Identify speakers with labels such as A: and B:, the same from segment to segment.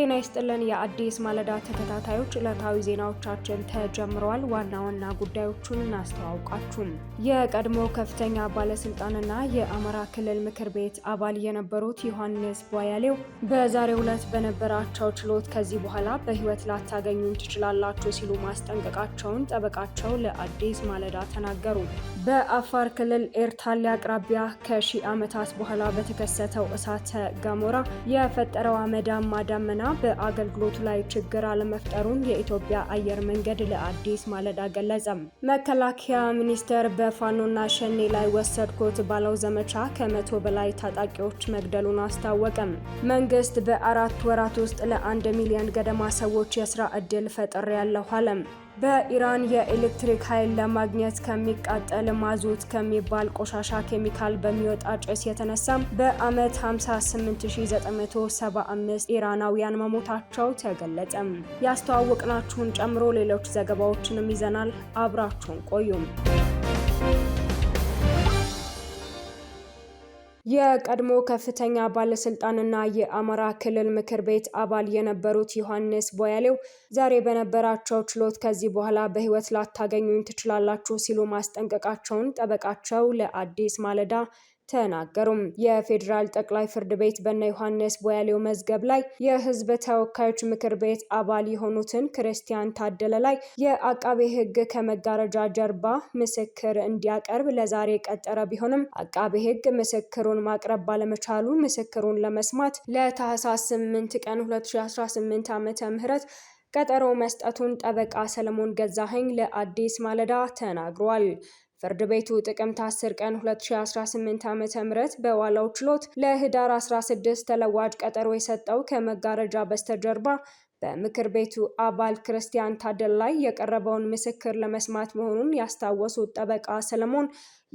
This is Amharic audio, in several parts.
A: ጤና ይስጥልን የአዲስ ማለዳ ተከታታዮች፣ ዕለታዊ ዜናዎቻችን ተጀምረዋል። ዋና ዋና ጉዳዮቹን እናስተዋውቃችሁም። የቀድሞ ከፍተኛ ባለስልጣንና የአማራ ክልል ምክር ቤት አባል የነበሩት ዮሐንስ ቧያሌው በዛሬው ዕለት በነበራቸው ችሎት ከዚህ በኋላ በህይወት ላታገኙን ትችላላችሁ ሲሉ ማስጠንቀቃቸውን ጠበቃቸው ለአዲስ ማለዳ ተናገሩ። በአፋር ክልል ኤርታሌ አቅራቢያ ከሺህ ዓመታት በኋላ በተከሰተው እሳተ ገሞራ የፈጠረው አመዳማ ደመና በአገልግሎቱ ላይ ችግር አለመፍጠሩን የኢትዮጵያ አየር መንገድ ለአዲስ ማለዳ ገለጸም። መከላከያ ሚኒስቴር በፋኖና ሸኔ ላይ ወሰድኩት ባለው ዘመቻ ከመቶ በላይ ታጣቂዎች መግደሉን አስታወቀም። መንግስት በአራት ወራት ውስጥ ለአንድ ሚሊዮን ገደማ ሰዎች የስራ እድል ፈጥሬያለሁ አለም። በኢራን የኤሌክትሪክ ኃይል ለማግኘት ከሚቃጠል ማዞት ከሚባል ቆሻሻ ኬሚካል በሚወጣ ጭስ የተነሳም በዓመት 58975 ኢራናውያን መሞታቸው ተገለጸም። ያስተዋወቅናችሁን ጨምሮ ሌሎች ዘገባዎችንም ይዘናል። አብራችሁን ቆዩም። የቀድሞ ከፍተኛ ባለስልጣንና የአማራ ክልል ምክር ቤት አባል የነበሩት ዮሐንስ ቦያሌው ዛሬ በነበራቸው ችሎት ከዚህ በኋላ በህይወት ላታገኙኝ ትችላላችሁ ሲሉ ማስጠንቀቃቸውን ጠበቃቸው ለአዲስ ማለዳ ተናገሩም። የፌዴራል ጠቅላይ ፍርድ ቤት በነ ዮሐንስ ቦያሌው መዝገብ ላይ የህዝብ ተወካዮች ምክር ቤት አባል የሆኑትን ክርስቲያን ታደለ ላይ የአቃቤ ህግ ከመጋረጃ ጀርባ ምስክር እንዲያቀርብ ለዛሬ ቀጠረ ቢሆንም አቃቤ ህግ ምስክሩን ማቅረብ ባለመቻሉ ምስክሩን ለመስማት ለታህሳስ 8 ቀን 2018 ዓ.ም ቀጠሮ መስጠቱን ጠበቃ ሰለሞን ገዛኸኝ ለአዲስ ማለዳ ተናግሯል። ፍርድ ቤቱ ጥቅምት 10 ቀን 2018 ዓ.ም በዋለው ችሎት ለህዳር 16 ተለዋጭ ቀጠሮ የሰጠው ከመጋረጃ በስተጀርባ በምክር ቤቱ አባል ክርስቲያን ታደል ላይ የቀረበውን ምስክር ለመስማት መሆኑን ያስታወሱት ጠበቃ ሰለሞን፣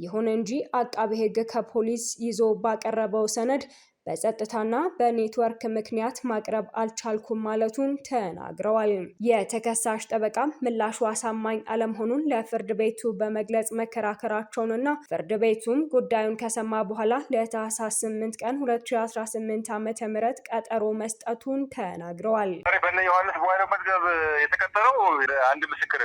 A: ይሁን እንጂ አቃቤ ሕግ ከፖሊስ ይዞ ባቀረበው ሰነድ በጸጥታና በኔትወርክ ምክንያት ማቅረብ አልቻልኩም ማለቱን ተናግረዋል። የተከሳሽ ጠበቃም ምላሹ አሳማኝ አለመሆኑን ለፍርድ ቤቱ በመግለጽ መከራከራቸውንና ፍርድ ቤቱም ጉዳዩን ከሰማ በኋላ ለታህሳስ 8 ቀን 2018 ዓ ም ቀጠሮ መስጠቱን ተናግረዋል።
B: በነ ዮሐንስ በኋላ መዝገብ የተቀጠረው አንድ ምስክር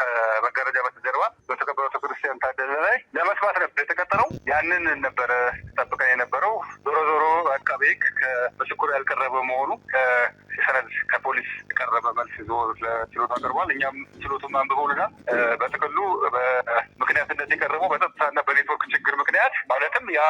B: ከመጋረጃ በስተጀርባ በተቀበረ ክርስቲያን ታደለ ላይ ለመስማት ነበር የተቀጠረው። ያንን ነበረ ጠብቀን የነበረው ዞሮ ዞሮ አቃቤ ሕግ ያልቀረበ መሆኑ ሰነድ ከፖሊስ የቀረበ መልስ ይዞ ለችሎቱ አቅርቧል። እኛም ችሎቱን አንብበውልናል። በጥቅሉ በምክንያትነት የቀረበው በጸጥታና በኔትወርክ ችግር ምክንያት ማለትም ያ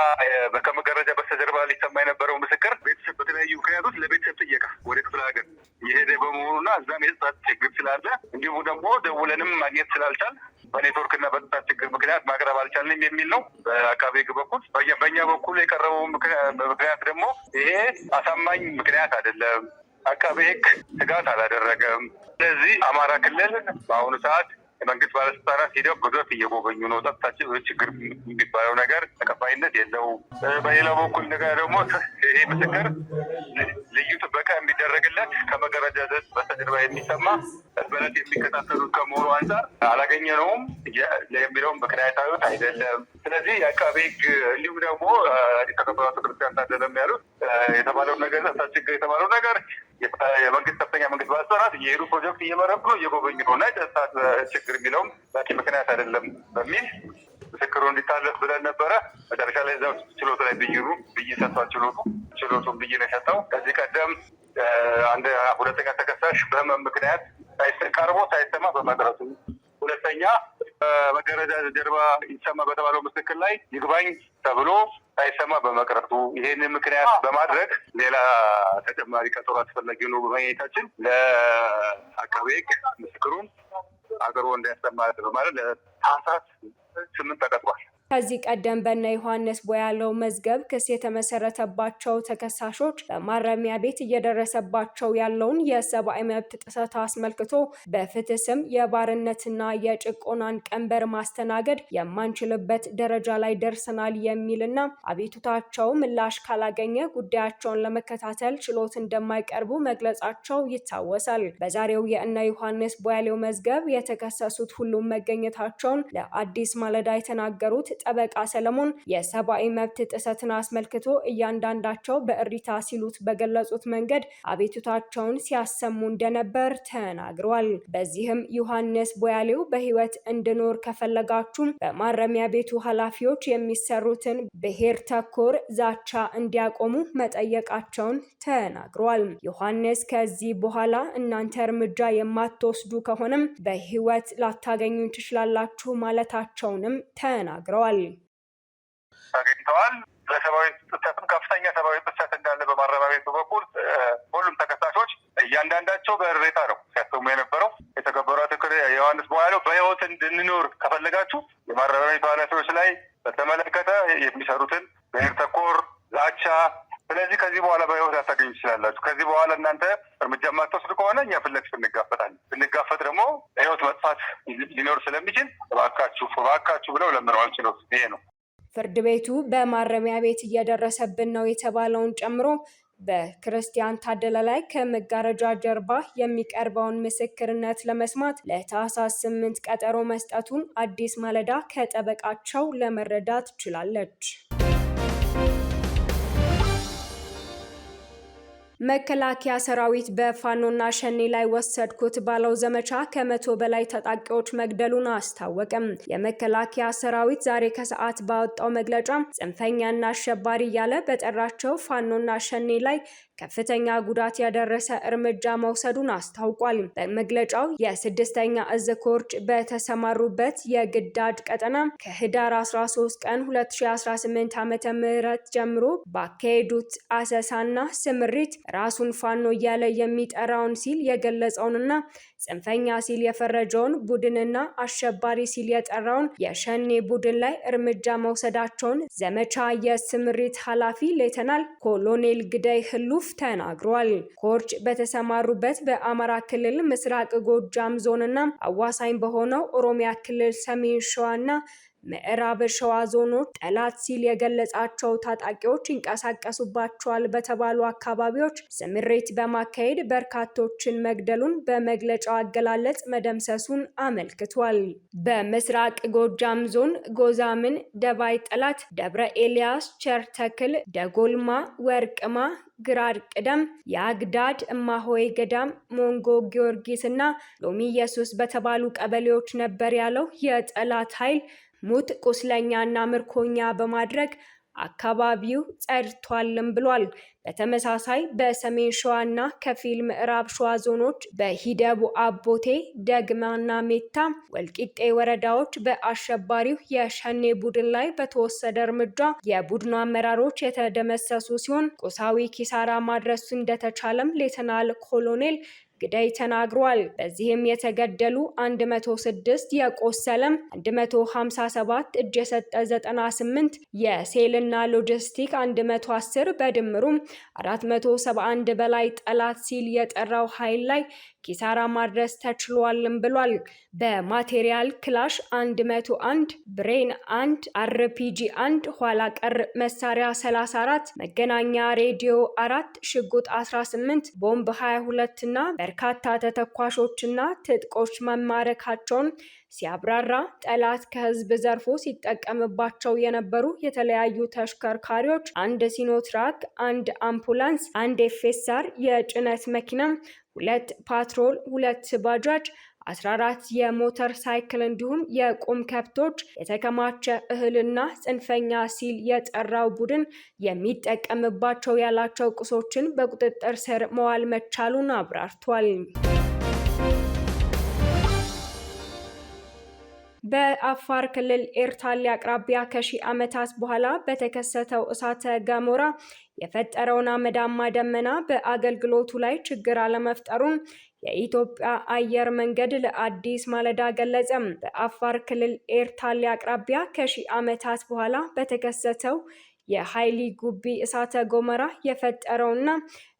B: ከመጋረጃ በስተጀርባ ሊሰማ የነበረው ምስክር ቤተሰብ በተለያዩ ምክንያቶች ለቤተሰብ ጥየቃ ወደ ክፍለ ሀገር የሄደ በመሆኑና እዛም የጸጥታ ችግር ስላለ እንዲሁም ደግሞ ደውለንም ማግኘት ስላልቻል በኔትወርክና በጸጥታ ችግር ምክንያት ማቅረብ አልቻልንም የሚል ነው በአቃቤ ሕግ በኩል። በእኛ በኩል የቀረበው ምክንያት ደግሞ ይሄ አሳማኝ ምክንያት አይደለም፣ አቃቤ ሕግ ስጋት አላደረገም። ስለዚህ አማራ ክልል በአሁኑ ሰዓት የመንግስት ባለስልጣናት ሄደው ግዞት እየጎበኙ ነው። ጸጥታችን ችግር የሚባለው ነገር ተቀባይነት የለውም። በሌላ በኩል ነገር ደግሞ ይሄ ምስክር ልዩ ጥበቃ የሚደረግለት ከመጋረጃ ዘት በስተጀርባ የሚሰማ በለት የሚከታተሉት ከመሆኑ አንጻር አላገኘነውም የሚለውም ምክንያታዊት አይደለም። ስለዚህ የአቃቤ ሕግ እንዲሁም ደግሞ የተከበራቱ ክርስቲያን ታደለም ያሉት የተባለው ነገር ችግር የተባለው ነገር የመንግስት ከፍተኛ መንግስት ባለስልጣናት እየሄዱ ፕሮጀክት እየመረምሩ እየጎበኙ ነው እና የጸጥታ ችግር የሚለውም በቂ ምክንያት አይደለም በሚል ምስክሩ እንዲታለፍ ብለን ነበረ። መጨረሻ ላይ እዛው ችሎት ላይ ብይኑ ብይን ሰጥቷል ችሎቱ ችሎቱን ብይን የሰጠው ከዚህ ቀደም አንድ ሁለተኛ ተከሳሽ በህመም ምክንያት ቀርቦ ሳይሰማ በመቅረቱ፣ ሁለተኛ በመጋረጃ ጀርባ ይሰማ በተባለው ምስክር ላይ ይግባኝ ተብሎ ሳይሰማ በመቅረቱ ይሄን ምክንያት በማድረግ ሌላ ተጨማሪ ቀጠሮ አስፈላጊ ሆኖ በመገኘታችን ለአቃቤ ሕግ ምስክሩን አቅርቦ እንዳያሰማ በማለት ለታህሳስ ስምንት ተቀጥሯል።
A: ከዚህ ቀደም በነ ዮሐንስ ቦያለው መዝገብ ክስ የተመሰረተባቸው ተከሳሾች በማረሚያ ቤት እየደረሰባቸው ያለውን የሰብአዊ መብት ጥሰት አስመልክቶ በፍትህ ስም የባርነትና የጭቆናን ቀንበር ማስተናገድ የማንችልበት ደረጃ ላይ ደርሰናል የሚልና አቤቱታቸው ምላሽ ካላገኘ ጉዳያቸውን ለመከታተል ችሎት እንደማይቀርቡ መግለጻቸው ይታወሳል። በዛሬው የእነ ዮሐንስ ቦያሌው መዝገብ የተከሰሱት ሁሉም መገኘታቸውን ለአዲስ ማለዳ የተናገሩት ጠበቃ ሰለሞን የሰብአዊ መብት ጥሰትን አስመልክቶ እያንዳንዳቸው በእሪታ ሲሉት በገለጹት መንገድ አቤቱታቸውን ሲያሰሙ እንደነበር ተናግረዋል። በዚህም ዮሐንስ ቦያሌው በህይወት እንድኖር ከፈለጋችሁም በማረሚያ ቤቱ ኃላፊዎች የሚሰሩትን ብሔር ተኮር ዛቻ እንዲያቆሙ መጠየቃቸውን ተናግረዋል። ዮሐንስ ከዚህ በኋላ እናንተ እርምጃ የማትወስዱ ከሆነም በህይወት ላታገኙ ትችላላችሁ ማለታቸውንም ተናግረዋል።
B: አግኝተዋል። አግኝተዋል ለሰብአዊ ጥሰትም ከፍተኛ ሰብአዊ ጥሰት እንዳለ በማረሚያ ቤቱ በኩል ሁሉም ተከሳሾች እያንዳንዳቸው በእሬታ ነው ሲያስሙ የነበረው። የተከበሯት ዮሐንስ በኋላው በህይወት እንድንኖር ከፈለጋችሁ የማረሚያ ቤቱ ኃላፊዎች ላይ በተመለከተ የሚሰሩትን ብሔር ተኮር ዛቻ ስለዚህ ከዚህ በኋላ በህይወት አታገኙ ይችላላችሁ። ከዚህ በኋላ እናንተ እርምጃ የማትወስድ ከሆነ እኛ ፊት ለፊት እንጋፈጣለን። ደግሞ ህይወት መጥፋት ሊኖር ስለሚችል እባካችሁ እባካችሁ ብለው ለምነዋል። ችሎት ይሄ ነው።
A: ፍርድ ቤቱ በማረሚያ ቤት እየደረሰብን ነው የተባለውን ጨምሮ በክርስቲያን ታደለ ላይ ከመጋረጃ ጀርባ የሚቀርበውን ምስክርነት ለመስማት ለታህሳስ ስምንት ቀጠሮ መስጠቱን አዲስ ማለዳ ከጠበቃቸው ለመረዳት ችላለች። መከላከያ ሰራዊት በፋኖና ሸኔ ላይ ወሰድኩት ባለው ዘመቻ ከመቶ በላይ ታጣቂዎች መግደሉን አስታወቀም። የመከላከያ ሰራዊት ዛሬ ከሰዓት ባወጣው መግለጫ ጽንፈኛና አሸባሪ እያለ በጠራቸው ፋኖና ሸኔ ላይ ከፍተኛ ጉዳት ያደረሰ እርምጃ መውሰዱን አስታውቋል። በመግለጫው የስድስተኛ እዝ ኮርች በተሰማሩበት የግዳጅ ቀጠና ከህዳር 13 ቀን 2018 ም ጀምሮ ባካሄዱት አሰሳና ስምሪት ራሱን ፋኖ እያለ የሚጠራውን ሲል የገለጸውንና ጽንፈኛ ሲል የፈረጀውን ቡድንና አሸባሪ ሲል የጠራውን የሸኔ ቡድን ላይ እርምጃ መውሰዳቸውን ዘመቻ የስምሪት ኃላፊ ሌተናል ኮሎኔል ግዳይ ህሉፍ ተናግሯል። ኮርች በተሰማሩበት በአማራ ክልል ምስራቅ ጎጃም ዞንና አዋሳኝ በሆነው ኦሮሚያ ክልል ሰሜን ሸዋና ምዕራብ ሸዋ ዞኖች ጠላት ሲል የገለጻቸው ታጣቂዎች ይንቀሳቀሱባቸዋል በተባሉ አካባቢዎች ስምሪት በማካሄድ በርካቶችን መግደሉን በመግለጫው አገላለጽ መደምሰሱን አመልክቷል። በምስራቅ ጎጃም ዞን ጎዛምን፣ ደባይ ጠላት፣ ደብረ ኤልያስ፣ ቸርተክል፣ ደጎልማ፣ ወርቅማ ግራር ቅደም የአግዳድ እማሆይ ገዳም ሞንጎ ጊዮርጊስ እና ሎሚ ኢየሱስ በተባሉ ቀበሌዎች ነበር ያለው የጠላት ኃይል ሙት ቁስለኛና ምርኮኛ በማድረግ አካባቢው ጸድቷልም ብሏል። በተመሳሳይ በሰሜን ሸዋና ከፊል ምዕራብ ሸዋ ዞኖች በሂደቡ አቦቴ፣ ደግማና ሜታ ወልቂጤ ወረዳዎች በአሸባሪው የሸኔ ቡድን ላይ በተወሰደ እርምጃ የቡድኑ አመራሮች የተደመሰሱ ሲሆን ቁሳዊ ኪሳራ ማድረሱ እንደተቻለም ሌተናል ኮሎኔል ግዳይ ተናግሯል። በዚህም የተገደሉ 106 የቆሰለም 157 እጅ የሰጠ 98 የሴልና ሎጂስቲክ 110 በድምሩም 471 በላይ ጠላት ሲል የጠራው ኃይል ላይ ኪሳራ ማድረስ ተችሏልም ብሏል። በማቴሪያል ክላሽ 101፣ ብሬን 1፣ አርፒጂ 1፣ ኋላ ቀር መሳሪያ 34፣ መገናኛ ሬዲዮ 4፣ ሽጉጥ 18፣ ቦምብ 22 እና በርካታ ተተኳሾችና ትጥቆች መማረካቸውን ሲያብራራ ጠላት ከህዝብ ዘርፎ ሲጠቀምባቸው የነበሩ የተለያዩ ተሽከርካሪዎች አንድ ሲኖትራክ፣ አንድ አምቡላንስ፣ አንድ ኤፌሳር የጭነት መኪና፣ ሁለት ፓትሮል፣ ሁለት ባጃጅ 14 የሞተር ሳይክል እንዲሁም የቁም ከብቶች የተከማቸ እህልና ጽንፈኛ ሲል የጠራው ቡድን የሚጠቀምባቸው ያላቸው ቁሶችን በቁጥጥር ስር መዋል መቻሉን አብራርቷል። በአፋር ክልል ኤርታሌ አቅራቢያ ከሺህ ዓመታት በኋላ በተከሰተው እሳተ ገሞራ የፈጠረውን አመዳማ ደመና በአገልግሎቱ ላይ ችግር አለመፍጠሩን የኢትዮጵያ አየር መንገድ ለአዲስ ማለዳ ገለጸም። በአፋር ክልል ኤርታሌ አቅራቢያ ከሺህ ዓመታት በኋላ በተከሰተው የሃይሊ ጉቢ እሳተ ገሞራ የፈጠረውና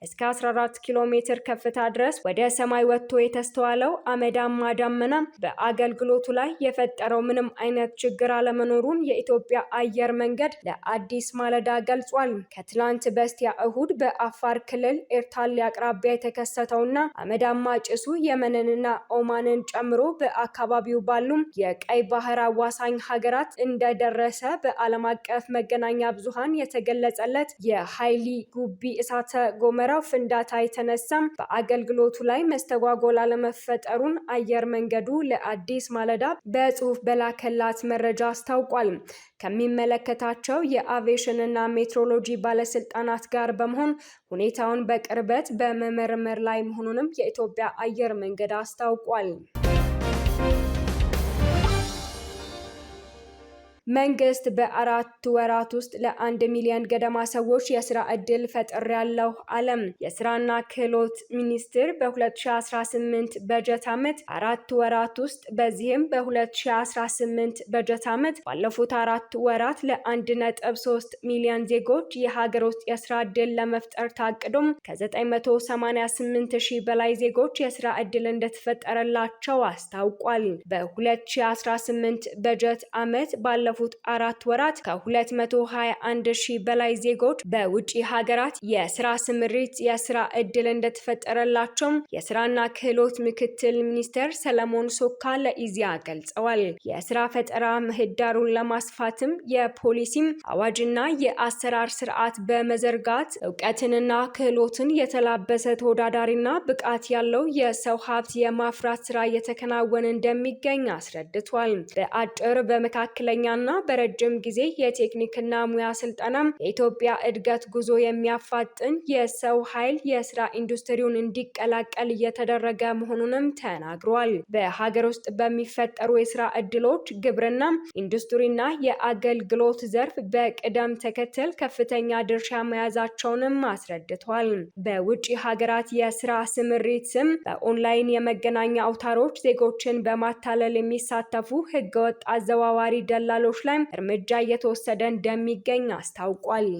A: እስከ 14 ኪሎ ሜትር ከፍታ ድረስ ወደ ሰማይ ወጥቶ የተስተዋለው አመዳማ ደመና በአገልግሎቱ ላይ የፈጠረው ምንም አይነት ችግር አለመኖሩን የኢትዮጵያ አየር መንገድ ለአዲስ ማለዳ ገልጿል። ከትላንት በስቲያ እሁድ በአፋር ክልል ኤርታሌ አቅራቢያ የተከሰተውና አመዳማ ጭሱ የመንንና ኦማንን ጨምሮ በአካባቢው ባሉም የቀይ ባህር አዋሳኝ ሀገራት እንደደረሰ በዓለም አቀፍ መገናኛ ብዙሃን የተገለጸለት የሀይሊ ጉቢ እሳተ ጎመራ በሚፈጠረው ፍንዳታ የተነሳም በአገልግሎቱ ላይ መስተጓጎል አለመፈጠሩን አየር መንገዱ ለአዲስ ማለዳ በጽሁፍ በላከላት መረጃ አስታውቋል። ከሚመለከታቸው የአቪዬሽንና ሜትሮሎጂ ባለስልጣናት ጋር በመሆን ሁኔታውን በቅርበት በመመርመር ላይ መሆኑንም የኢትዮጵያ አየር መንገድ አስታውቋል። መንግስት በአራት ወራት ውስጥ ለአንድ ሚሊዮን ገደማ ሰዎች የስራ እድል ያለው አለም። የስራና ክህሎት ሚኒስቴር በ2018 በጀት ዓመት አራት ወራት ውስጥ በዚህም በ2018 በጀት ዓመት ባለፉት አራት ወራት ለአንድ ነጥብ ሶስት ሚሊዮን ዜጎች የሀገር ውስጥ የስራ እድል ለመፍጠር ታቅዶም ከ988 ሺህ በላይ ዜጎች የስራ እድል እንደተፈጠረላቸው አስታውቋል። በ2018 በጀት ዓመት ባለፉ ባለፉት አራት ወራት ከ221 ሺህ በላይ ዜጎች በውጪ ሀገራት የስራ ስምሪት የስራ እድል እንደተፈጠረላቸውም የስራና ክህሎት ምክትል ሚኒስትር ሰለሞን ሶካ ለኢዜአ ገልጸዋል። የስራ ፈጠራ ምህዳሩን ለማስፋትም የፖሊሲም አዋጅና የአሰራር ስርዓት በመዘርጋት እውቀትንና ክህሎትን የተላበሰ ተወዳዳሪና ብቃት ያለው የሰው ሀብት የማፍራት ስራ እየተከናወነ እንደሚገኝ አስረድቷል። በአጭር በመካከለኛና እና በረጅም ጊዜ የቴክኒክና ሙያ ስልጠና የኢትዮጵያ እድገት ጉዞ የሚያፋጥን የሰው ኃይል የስራ ኢንዱስትሪውን እንዲቀላቀል እየተደረገ መሆኑንም ተናግሯል። በሀገር ውስጥ በሚፈጠሩ የስራ እድሎች ግብርና፣ ኢንዱስትሪና የአገልግሎት ዘርፍ በቅደም ተከተል ከፍተኛ ድርሻ መያዛቸውንም አስረድቷል። በውጭ ሀገራት የስራ ስምሪት ስም በኦንላይን የመገናኛ አውታሮች ዜጎችን በማታለል የሚሳተፉ ህገወጥ አዘዋዋሪ ደላሎች ኃላፊዎች ላይ እርምጃ እየተወሰደ እንደሚገኝ አስታውቋል።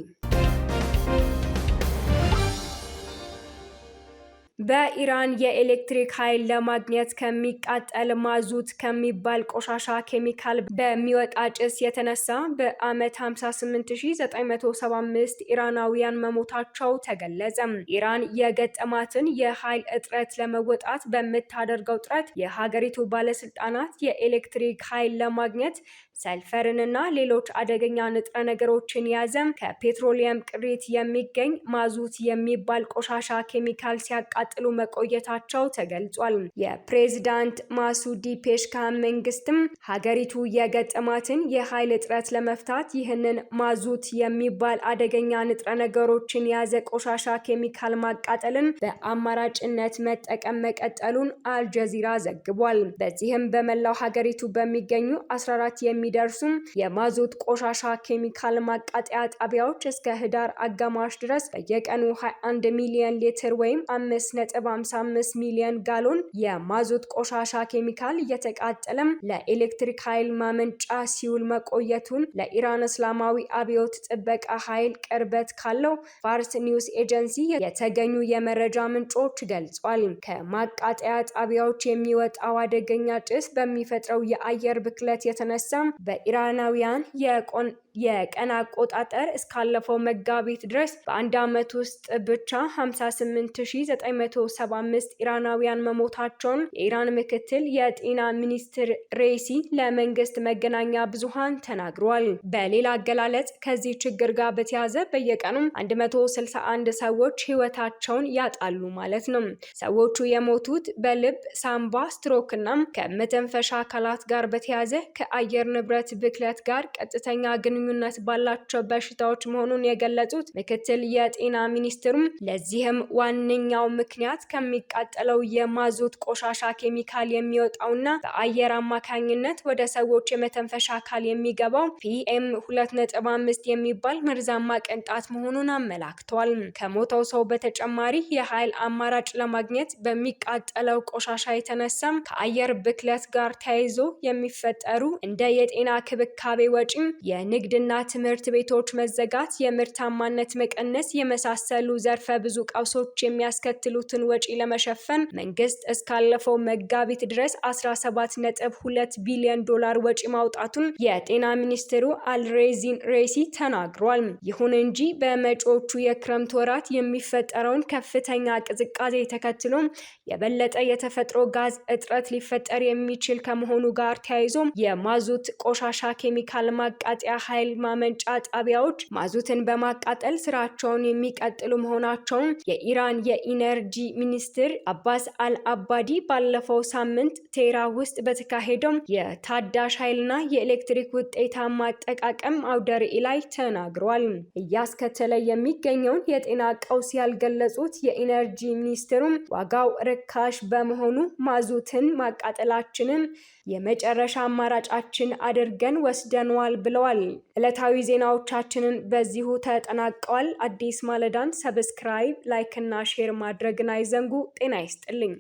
A: በኢራን የኤሌክትሪክ ኃይል ለማግኘት ከሚቃጠል ማዙት ከሚባል ቆሻሻ ኬሚካል በሚወጣ ጭስ የተነሳ በዓመት 58975 ኢራናውያን መሞታቸው ተገለጸ። ኢራን የገጠማትን የኃይል እጥረት ለመወጣት በምታደርገው ጥረት የሀገሪቱ ባለስልጣናት የኤሌክትሪክ ኃይል ለማግኘት ሰልፈርንና ሌሎች አደገኛ ንጥረ ነገሮችን የያዘ ከፔትሮሊየም ቅሪት የሚገኝ ማዙት የሚባል ቆሻሻ ኬሚካል ሲያቃጥሉ መቆየታቸው ተገልጿል። የፕሬዝዳንት ማሱዲ ፔሽካ መንግስትም ሀገሪቱ የገጠማትን የኃይል እጥረት ለመፍታት ይህንን ማዙት የሚባል አደገኛ ንጥረ ነገሮችን የያዘ ቆሻሻ ኬሚካል ማቃጠልን በአማራጭነት መጠቀም መቀጠሉን አልጀዚራ ዘግቧል። በዚህም በመላው ሀገሪቱ በሚገኙ 14 የሚ የሚደርሱም የማዞት ቆሻሻ ኬሚካል ማቃጠያ ጣቢያዎች እስከ ህዳር አጋማሽ ድረስ በየቀኑ 21 ሚሊዮን ሊትር ወይም 5.55 ሚሊዮን ጋሎን የማዞት ቆሻሻ ኬሚካል እየተቃጠለም ለኤሌክትሪክ ኃይል ማመንጫ ሲውል መቆየቱን ለኢራን እስላማዊ አብዮት ጥበቃ ኃይል ቅርበት ካለው ፋርስ ኒውስ ኤጀንሲ የተገኙ የመረጃ ምንጮች ገልጿል። ከማቃጠያ ጣቢያዎች የሚወጣው አደገኛ ጭስ በሚፈጥረው የአየር ብክለት የተነሳም በኢራናውያን የቆን የቀን አቆጣጠር እስካለፈው መጋቢት ድረስ በአንድ ዓመት ውስጥ ብቻ 58975 ኢራናውያን መሞታቸውን የኢራን ምክትል የጤና ሚኒስትር ሬሲ ለመንግስት መገናኛ ብዙሃን ተናግሯል። በሌላ አገላለጽ ከዚህ ችግር ጋር በተያዘ በየቀኑም 161 ሰዎች ህይወታቸውን ያጣሉ ማለት ነው። ሰዎቹ የሞቱት በልብ ሳምባ፣ ስትሮክ እና ከመተንፈሻ አካላት ጋር በተያዘ ከአየር ንብረት ብክለት ጋር ቀጥተኛ ግንኙ ግንኙነት ባላቸው በሽታዎች መሆኑን የገለጹት ምክትል የጤና ሚኒስትሩም ለዚህም ዋነኛው ምክንያት ከሚቃጠለው የማዞት ቆሻሻ ኬሚካል የሚወጣውና በአየር አማካኝነት ወደ ሰዎች የመተንፈሻ አካል የሚገባው ፒኤም 2.5 የሚባል መርዛማ ቅንጣት መሆኑን አመላክቷል። ከሞተው ሰው በተጨማሪ የኃይል አማራጭ ለማግኘት በሚቃጠለው ቆሻሻ የተነሳም ከአየር ብክለት ጋር ተያይዞ የሚፈጠሩ እንደ የጤና ክብካቤ ወጪም የንግድ ንግድና ትምህርት ቤቶች መዘጋት፣ የምርታማነት መቀነስ የመሳሰሉ ዘርፈ ብዙ ቀውሶች የሚያስከትሉትን ወጪ ለመሸፈን መንግስት እስካለፈው መጋቢት ድረስ 17.2 ቢሊዮን ዶላር ወጪ ማውጣቱን የጤና ሚኒስትሩ አልሬዚን ሬሲ ተናግሯል። ይሁን እንጂ በመጪዎቹ የክረምት ወራት የሚፈጠረውን ከፍተኛ ቅዝቃዜ ተከትሎ የበለጠ የተፈጥሮ ጋዝ እጥረት ሊፈጠር የሚችል ከመሆኑ ጋር ተያይዞ የማዙት ቆሻሻ ኬሚካል ማቃጠያ ኃይል ማመንጫ ጣቢያዎች ማዙትን በማቃጠል ስራቸውን የሚቀጥሉ መሆናቸውን የኢራን የኢነርጂ ሚኒስትር አባስ አልአባዲ ባለፈው ሳምንት ቴራ ውስጥ በተካሄደው የታዳሽ ኃይልና የኤሌክትሪክ ውጤታማ አጠቃቀም አውደ ርዕይ ላይ ተናግሯል። እያስከተለ የሚገኘውን የጤና ቀውስ ያልገለጹት የኢነርጂ ሚኒስትሩም ዋጋው ርካሽ በመሆኑ ማዙትን ማቃጠላችንን የመጨረሻ አማራጫችን አድርገን ወስደነዋል ብለዋል። ዕለታዊ ዜናዎቻችንን በዚሁ ተጠናቀዋል። አዲስ ማለዳን ሰብስክራይብ፣ ላይክ እና ሼር ማድረግን አይዘንጉ። ጤና ይስጥልኝ።